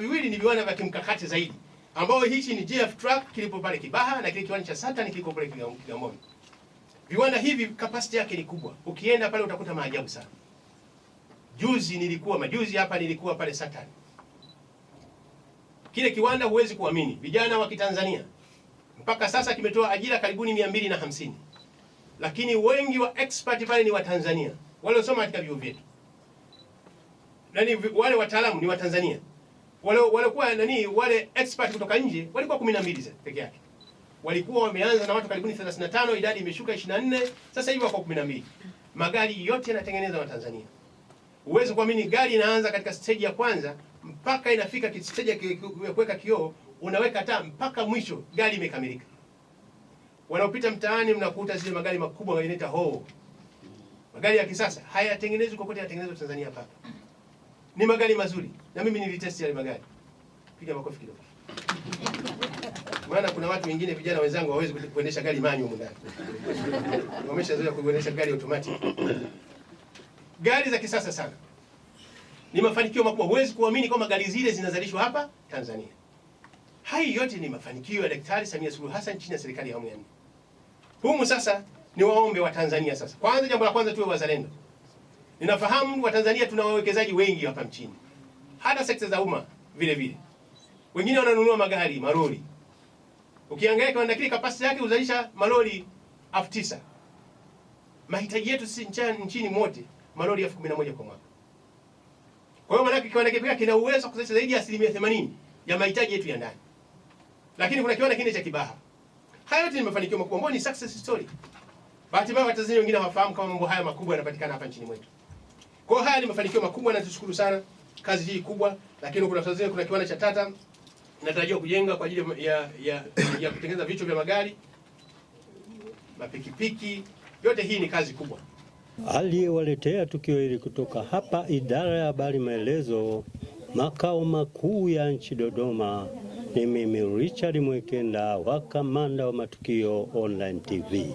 Viwili ni viwanda vya kimkakati zaidi ambao hichi ni GF Truck kilipo pale Kibaha na kile kiwanda cha Saturn kiko pale Kigamboni. Viwanda hivi capacity yake ni kubwa. Ukienda pale utakuta maajabu sana. Juzi nilikuwa majuzi hapa nilikuwa pale Saturn. Kile kiwanda huwezi kuamini, vijana wa Kitanzania mpaka sasa kimetoa ajira karibuni mia mbili na hamsini, lakini wengi wa expert pale ni Watanzania waliosoma katika vyuo vyetu, yaani wale wataalamu ni Watanzania wale walikuwa nani wale expert kutoka nje walikuwa 12 peke yake. Walikuwa wameanza na watu karibuni 35, idadi imeshuka 24, sasa hivi wako 12. Magari yote yanatengenezwa na Tanzania. Uweze kuamini gari inaanza katika stage ya kwanza mpaka inafika stage ya kuweka kioo, unaweka taa mpaka mwisho gari imekamilika. Wanaopita mtaani mnakuta zile magari makubwa yanaita ho. Magari ya kisasa hayatengenezwi kokote, yanatengenezwa Tanzania hapa. Ni magari mazuri na mimi nilitesti yale magari. Piga makofi kidogo. Maana kuna watu wengine vijana wenzangu hawawezi kuendesha gari manual ndani. Wameshazoea kuendesha gari automatic. Gari za kisasa sana. Ni mafanikio makubwa. Huwezi kuamini kwamba gari zile zinazalishwa hapa Tanzania. Hayo yote ni mafanikio ya Daktari Samia Suluhu Hassan chini ya serikali ya awamu ya nne. Humu sasa ni waombe wa Tanzania sasa. Kwanza, jambo la kwanza tuwe wazalendo. Ninafahamu Watanzania tuna wawekezaji wengi hapa mchini hata sekta za umma vile vile. Wengine wananunua magari malori, ukiangalia kiwanda kile kapasiti yake uzalisha malori elfu tisa. Mahitaji yetu sisi nchini mote malori elfu kumi na moja kwa mwaka. Kwa hiyo maanake kiwanda kile kina uwezo kuzalisha zaidi ya asilimia themanini ya mahitaji yetu ya ndani, lakini kuna kiwanda kingine cha Kibaha. Haya yote ni mafanikio makubwa ambayo ni success story. Bahati mbaya Watanzania wengine hawafahamu kama mambo haya makubwa yanapatikana hapa nchini mwetu. Kwa hiyo haya ni mafanikio makubwa na tushukuru sana kazi hii kubwa, lakini kuna sasa kuna kiwanda cha Tata natarajiwa kujenga kwa ajili ya, ya, ya kutengeneza vichwa vya magari, mapikipiki. Yote hii ni kazi kubwa. Aliyewaletea tukio hili kutoka hapa idara ya habari maelezo, makao makuu ya nchi Dodoma, ni mimi Richard Mwekenda wa Kamanda wa Matukio Online TV.